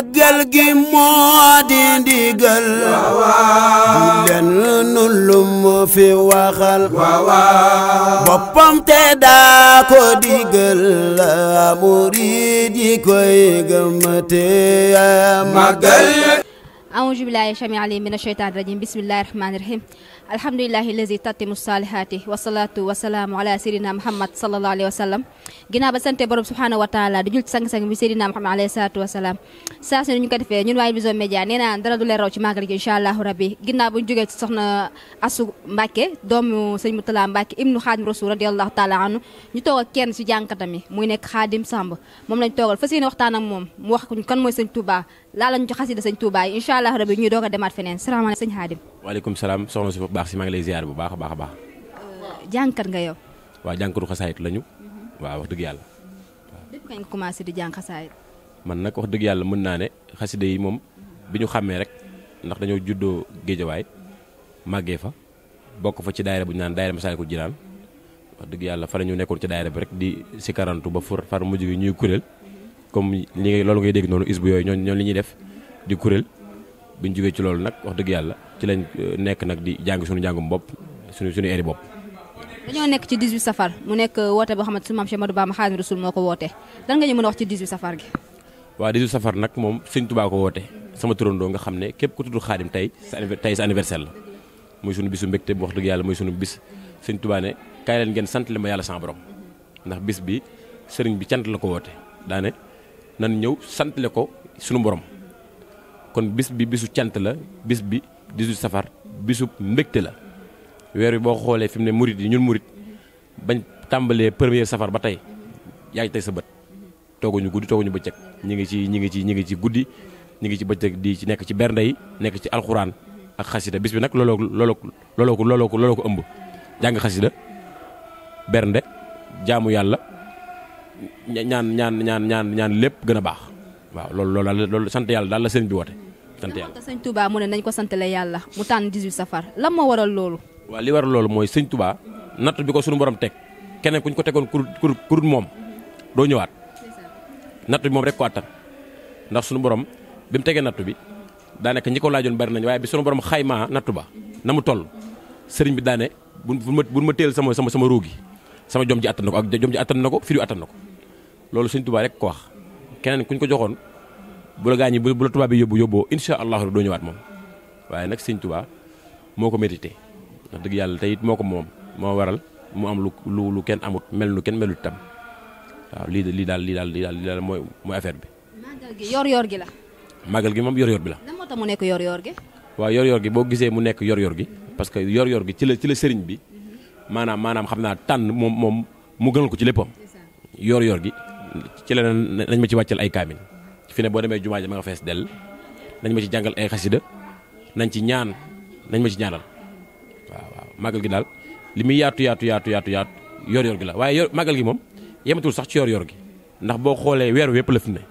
màggal gi moo di ndigal lenn nu lu mu fi waxal boppam te daa ko digal murid yi koy gëmate màggal aouzu billahi sami alim min asheytan rajim bismillahi rahmani rahim alhamdulilahi lazi tatimu salihati wasalatu wasalaamu ala seydina muhammad salallahu alayhi wa sallam ginnaaw ba sante borom subhanahu wa taala di jul ci sang-sang bi seydina muhammad alayhi salatu wasalaam saa su ñu ko defee ñun waaye Vision Médias nee naa dara du leen raw ci màggal gi incha allahu rabbi ginnaaw buñ jógee ci soxna asu mbàkke doomu sëñ Mutala mbàkke ibnu xaadim rasul radiallahu taala anu ñu toog ak kenn ci jànkatam yi muy nekk xaadim samb moom lañ toogal fas yéene waxtaan ak moom mu wax kan mooy sëñ Touba laa lañu ci xasida sëñ Touba yi incha allah rabi ñuy doog a demaat feneen salaamaaleykum sëñ Xaadim waaleykum salaam soxna si bu baax si maa ngi lay ziar bu baax a baax a baax euh, jàngkat nga yow mhm. waaw jàngkatu xasaayit lañu waa wax dëgg yàlla depuis kañ nga commencé di jàng xasaayit man nag dëgg yàlla mën naa ne xasida yi moom bi ñu xàmmee rek ndax dañoo juddoo géejawaay maggee fa bokk fa ci daayira bu ñu naan daayira Masaalikul Jinaan wax dëgg yàlla fa la ñu nekkoon ci daayira bi rek di si karantu ba far mujj gi ñuy kuréel comme li loolu ngay dégg noonu isbu yooyu ñoon ñoon li ñuy def di kuréel buñ jógee ci loolu nag wax dëgg yàlla ci lañ euh, nekk nag di jàng suñu njàngum bopp suñu suñu eeri bopp dañoo nekk ci 18 safar mu nekk euh, woote boo xamante su maam Cheikh Ahmadou Bamba Xaadimu Rasuul moo ko woote lan nga ñu mën a wax ci 18 safar gi waaw 18 safar nag moom sëñ Tuubaa ko woote sama turandoo nga xam ne képp ku tudd xaadim tey sa tey sa anniversaire la muy sunu bisu mbégte bu wax dëgg yàlla muy sunu bis sëñ Tuubaa ne kaay leen ngeen sant li ma yàlla sama borom ndax bis bi sëriñ bi cant la ko woote daane nan ñëw santle ko sunu borom kon bis bi bisu cant la bis bi bisu safar bisu mbégte la weer wi boo xoolee fi mu ne murit yi ñun murit bañ tàmbalee premier safar ba tey yaay ngi tey sa bët tooguñu guddi tooguñu bëccëg ñi ngi ci ñi ngi ci ñi ngi ci guddi ñi ngi ci bëccëg di ci nekk ci bernde yi nekk ci alxuraan ak xasida bis bi nag looloo looloo looloo ko looloo ko looloo ko ëmb jàng xasida bernde jaamu yàlla ñaan ñaan ñaan ñaan ñaan lépp gën a baax waaw loolu loolu daal loolu sant yàlla daal la sëñ bi woote. sant yàlla te sëñ Touba mu ne nañ ko sant yàlla mu tànn 18 safar lan moo waral loolu. waa li waral loolu mooy sëñ Touba natt bi ko suñu borom teg keneen ku ñu ko tegoon kur kur moom doo ñëwaat. natt bi moom rek ko attan ndax suñu borom bi mu tegee natt bi daanaka ñi ko laajoon bari nañ waaye bi suñu borom xaymaa nattu ba na mu toll sëriñ bi daane bu ma bu ma bu sama sama sama ruugi sama jom ji attan na ko ak na ko fii ko lolu seigne touba rek ko wax kenen kuñ ko joxone bu la gañi bu la touba bi yobbu yobbo incha allah doo ñëwaat mom waye nak seigne touba moko ko ndax dëgg yàlla tey it moo waral mu am lu lu lu amut mel lu ken melu tam waaw li li dal li dal li dal moy moy affaire bi. gi yor-yor gi la. magal gi mom yor-yor bi la. lan mo tax mu yor-yor gi. wa yor-yor gi bo gise mu nek yor-yor gi parce que yor-yor gi ci le ci le serigne bi manam manam xamna tan mom mom mu gënal ko ci leppam yor-yor gi ci la nañ ma ci wàccal ay kaamil fi ne bo demé jumaaji ma nga fess del nañ ma ci jangal ay xasida nañ ci ñaan nañ ma ci ñaanal waaw waaw magal gi dal limi yaatu yaatu yaatu yaatu yaatu yor yor gi la waye yor gi mom yematul sax ci yor yor gi ndax bo xolé wër wépp la fi ne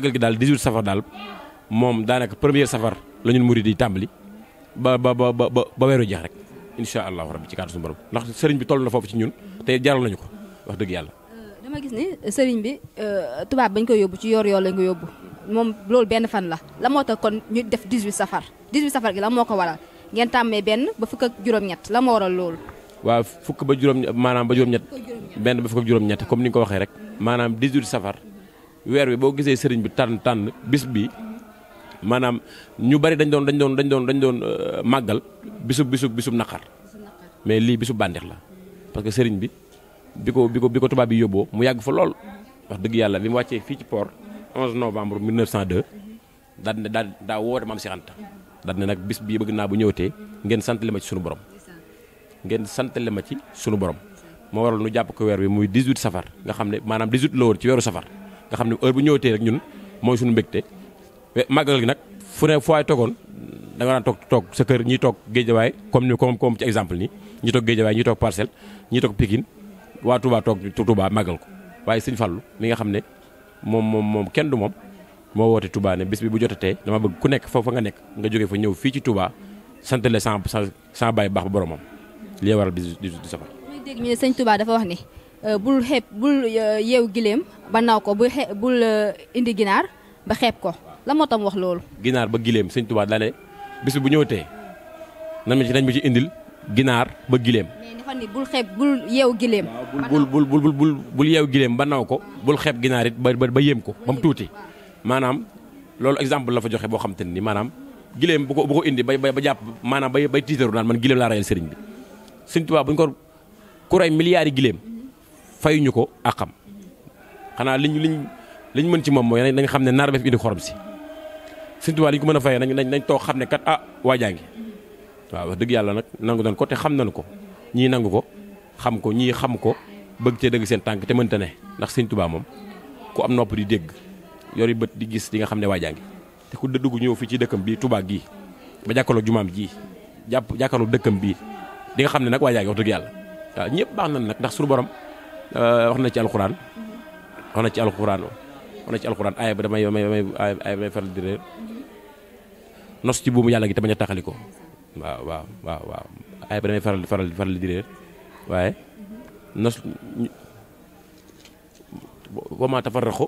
gi dal 18 safar daal moom daanaka premier safar la ñun murid ba ba ba ba ba weeru jeex rek inshallah rabbi ci kàddu sun borom ndax serigne bi tollu na fofu ci ñun te jaral nañu ko wax deug yalla dama gis ni sëriñ bi euh, tubaab bañ ko yóbbu ci yor yor lañ ko yóbbu moom loolu benn fan la la moo kon ñu def 18 safar 18 safar gi la moo ko waral ngeen tàmmee Ben ba fukk ak juróom-ñett la moo waral loolu waaw fukk ba juróom maanaam ba juróom-ñett benn ba fukk ak juróom comme ni ko waxee rek maanaam 18 safar weer bi boo gisee sëriñ bi tànn tànn bis bi maanaam ñu bari dañ doon dañ doon dañ doon dañ doon bisub euh, bisub bisub nakar. mais li bisub bàndeex la parce que bi bi ko bi ko bi ko tubaab bi yóbboo mu yàgg fa lool wax dëgg yàlla bi mu wàccee fii ci port 11 novembre 1902 daal ne daal daa woote maam Cheikh Anta daal ne nag bis bii bëgg naa bu ñëwatee ngeen sant li ma ci sunu borom ngeen sant li ma ci sunu borom moo waral nu jàpp ko weer bi muy 18 safar nga xam ne maanaam 18 la woon ci weeru safar nga xam ne heure bu ñëwatee rek ñun mooy sunu mbégte màggal gi nag fu ne fu waay toogoon da nga daan toog sa kër ñiy toog géejawaay comme comme comme ci exemple ni ñi toog géejawaay ñi toog parcelle ñi Pikine waa Touba toog Touba màggal ko waaye sëñ Fallou mi nga xam ne moom moom moom kenn du moom moo woote Touba ne bis bi bu jotatee dama bëgg ku nekk foofa nga nekk nga jógee fa ñëw fii ci Touba sant le sans sans bàyyi baax ba boromam li waral di du safar. muy dégg ñu ne sëñ Touba dafa wax ni euh, bul xeeb bul euh, yeew gileem ba naw ko bul xeeb euh, indi ginaar ba xeeb ko la moo tam wax loolu. ginaar ba gileem sëñ Touba daa ne bis bi bu ñëwatee nan ma ci nañ ma ci indil. ginaar ba gileem. bul xeeb bul yeew gileem. bul bul bul bul bul yeew gileem ba naw ko bul xeeb ginaar it ba ba yéem ko ba mu tuuti maanaam loolu exemple la fa joxe boo xam te nii maanaam gileem bu ko bu ko indi bay bay ba jàpp maanaam bay bay tiitaru naan man gileem laa rayal sëriñ bi Sëriñ Tuubaa bu ñu ko ku rey milliards gileem fayuñu ko ak xam xanaa liñ liñ liñ mën ci moom mooy nañ xam ne naar bi indi xorom si Sëriñ Tuubaa liñ ko mën a fayee nañ nañ toog xam ne kat ah waa jaa ngi waaw dëgg yàlla nag nangu nañ ko te xam nañu ko ñii nangu ko xam ko ñii xam ko bëgg cee dëgg seen tànk te mënta ne ndax sëñ tubaa moom ku am nopp di dégg yor yi bët di gis di nga xam ne waajaa ngi te ku da ñëw fii ci dëkkam bii Tuubaa gii ba jàkkaarloog jumaam jii jàpp jàkkaarloog dëkkam bii di nga xam ne nag waajaa ngi wax dëgg yàlla waaw ñëpp baax nañ nag ndax suñu borom euh, wax na ci alxuraan wax na ci alxuraan wax ci alxuraan aaya ba damay damay damay faral di reer nos ci buumu yàlla gi te bañ a ko waaw waaw waaw waaw ayib damay faral di faral faral di réer waaye nos boo maa tafar raxu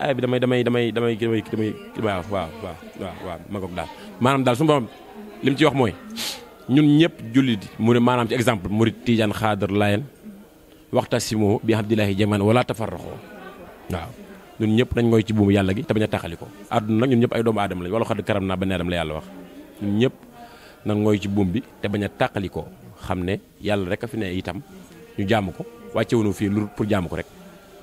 ayib damay damay damay damay damay damay waaw waaw waaw waaw waaw ma ngoog daal maanaam daal su ma li mu ci wax mooy ñun ñëpp jullit mu ne maanaam ci exemple murid tiijaan xaadar layen waxtasimu bi abdillahi jaman wala tafarraxoo waaw ñun ñëpp nañ mooy ci buumu yàlla gi te bañ a taxali ko àdduna nag ñun ñëpp ay doomu aadama lañ wala xad karam naa ba neeram la yàlla wax ñun ñëpp nan ngooy ci buum bi te bañ a tàqali ko xam ne yàlla rek a fi ne itam ñu jàmm ko wàcce wuñu fii lu pour jàmm ko rek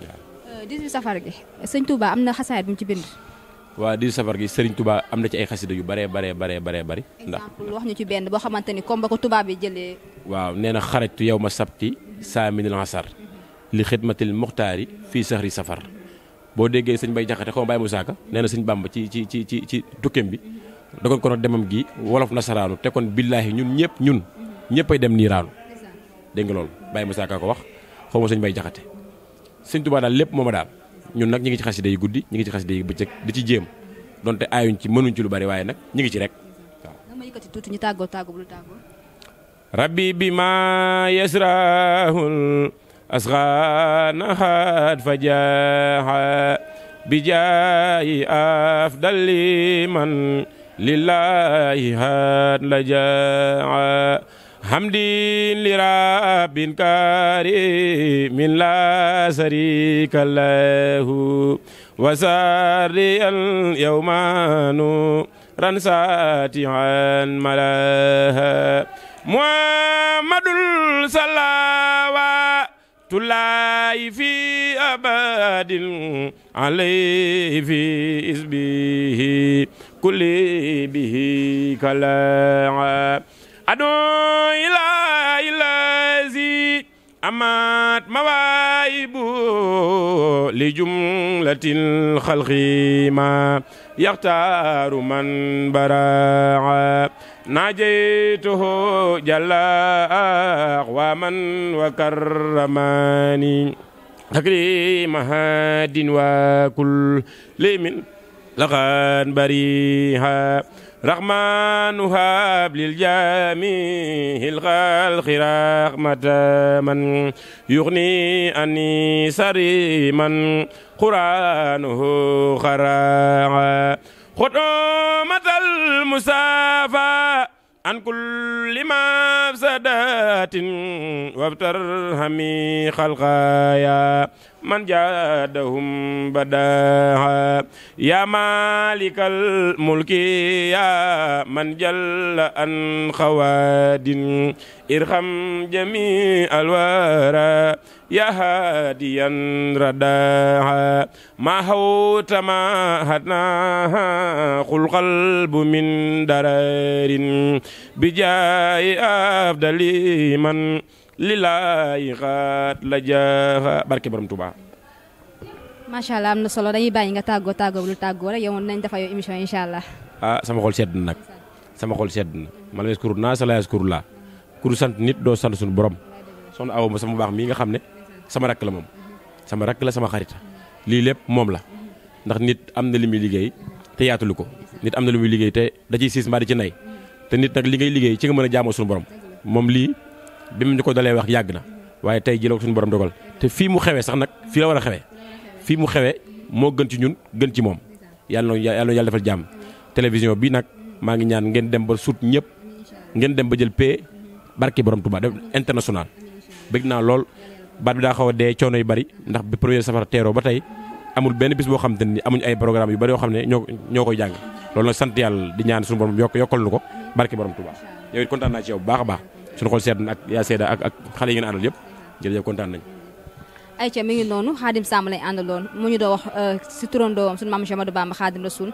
waaw. 18 euh, safar gi sëñ Touba am na xasaayid bu mu ci bind. waaw 18 safar gi sëriñ Touba am na ci ay xasida yu baree baree baree baree bari. ndax exemple wax ñu ci benn boo xamante ni comme ba ko tubaab bi jëlee. waaw nee na xarajtu yow ma sabti saa minil asar li xidmatil muxtaari fii saxri safar boo déggee sëñ Bay Jaxate xaw ma mu Musaaka nee na sëñ Bàmba ci ci ci ci tukkeem bi. dogal ko demam gi wolof nasaranu te kon nyep ñun ñëpp ñun ñëppay dem niiraanu dégg nga lol Baye musa Ka ko wax xawma ma Baye Jaxate sëñ touba dal lepp moma dal ñun nak ñi ngi ci xasida yu guddi ñi ngi ci xasida yu bëccëg di ci jëm donte ayuñ ci mënuñ ci lu bari waye nak ñi ngi ci rek rabbi bima yasrahul asghana had fajaha bijai afdal liman لله هان لجاعا حمدي لرب كريم لا شريك له وساري اليوم نورا ساتعا ملاها محمد صلوات الله في أبد عليه في إسبيه كل به كلا أدو إلى إلهي أمات مواهب لجملة الخلق ما يختار من براع ناجيته جل ومن وكرماني تكريم هاد وكل من لغان بريها رغمان هاب للجميع الخلق من يغني أني سريما قرآنه خراعا خدومة المسافة عن كل مفسدات وابترهمي خلقايا man jaadahum badaa ya malikal mulki ya man jalla an xawadin irham jami alwara ya hadiyan radaa ma hawta ma hadna xul qalbu min dararin bijaayi abdali man li laay xaat la jaaxa barke borom Touba. macha allah am na solo dañuy bàyyi nga tàggoo tàggoo lu tàggoo rek yow nañ dafa yow émission incha allah. ah sama xol sedd na nag sama xol sedd na ma la naa sa la yaskuru laa ku sant nit doo sant suñu borom soxna Awa sama baax mii nga xam ne sama rakk la moom sama rakk la sama xarit lii lépp moom la ndax nit am na li muy liggéey te yaatulu ko nit am na li muy liggéey te da ciy siis mbaa di ci nay te nit nag liggéey ci nga mën a jaamoo suñu borom lii. bi mu ñu ko dalee wax yàgg na waaye tey jii la ko suñu borom dogal te fii mu xewee sax nag fii la war a xewee fii mu xewee moo gën ci ñun gën ci moom yàlla na yàlla defal jàmm télévision bii nag maa ngi ñaan ngeen dem ba sut ñëpp ngeen dem ba jël pay barke borom Touba def international bëgg naa lool baat bi daa xaw a dee coono yu bari ndax bi premier safara teeroo ba tey amul benn bis boo xam te ni amuñ ay programme yu bari yoo xam ne ñoo ñoo koy jàng loolu sant yàlla di ñaan suñu borom yokk yokkal nu ko barke borom Touba yow it kontaan bu baax a baax suñu xol seet na ak yaa seeda ak xale yi ngeen àndal yëpp jërëjëf kontaan nañ ayca mi ngi noonu xaadim Samb lañ àndaloon mu ñu doon wax euh, si turandoowam suñu maam Ahmadou Bamba xaadim rasul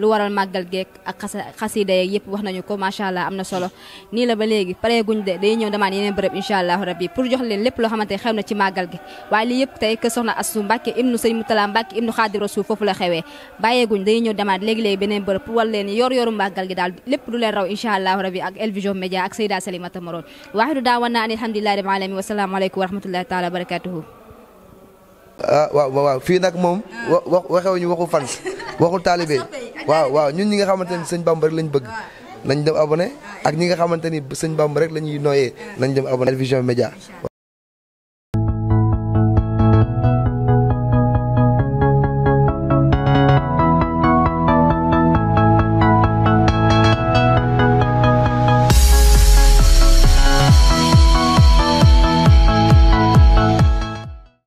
lu waral màggal geek ak xas xasida yeeg yëpp wax nañu ko macha allah am solo nii la ba léegi pare guñ de day ñëw damaan yeneen bërëb incha allahu rabbi pour jox leen lépp loo na ci màggal gi waaye lii yëpp tey kër soxna Astou Mbacke ibnu sëñ Moutala Mbacke ibnu xaadim rasul foofu la xewee bàyyeeguñ day ñëw demaat léegi-léegi beneen bërëb pour wal leen yor yoru màggal gi daal lépp du leen raw incha allahu rabbi ak El Vision Média ak Seyda Salimata Moroon waaxidu daawana an alhamdulillahi rabbil alamin wa salaamu ah waaw waaw fii nag moom. Ah. wa waxewuñu waxu fans waxu taalibe waaw waaw ñun ñi nga xamante ni sëñ Bamba rek lañ bëgg. nañ dem abonné ah. ak ñi nga xamante ni sëñ Bamba rek la ñuy nooyee ah. nañ dem abonné. Elvision Média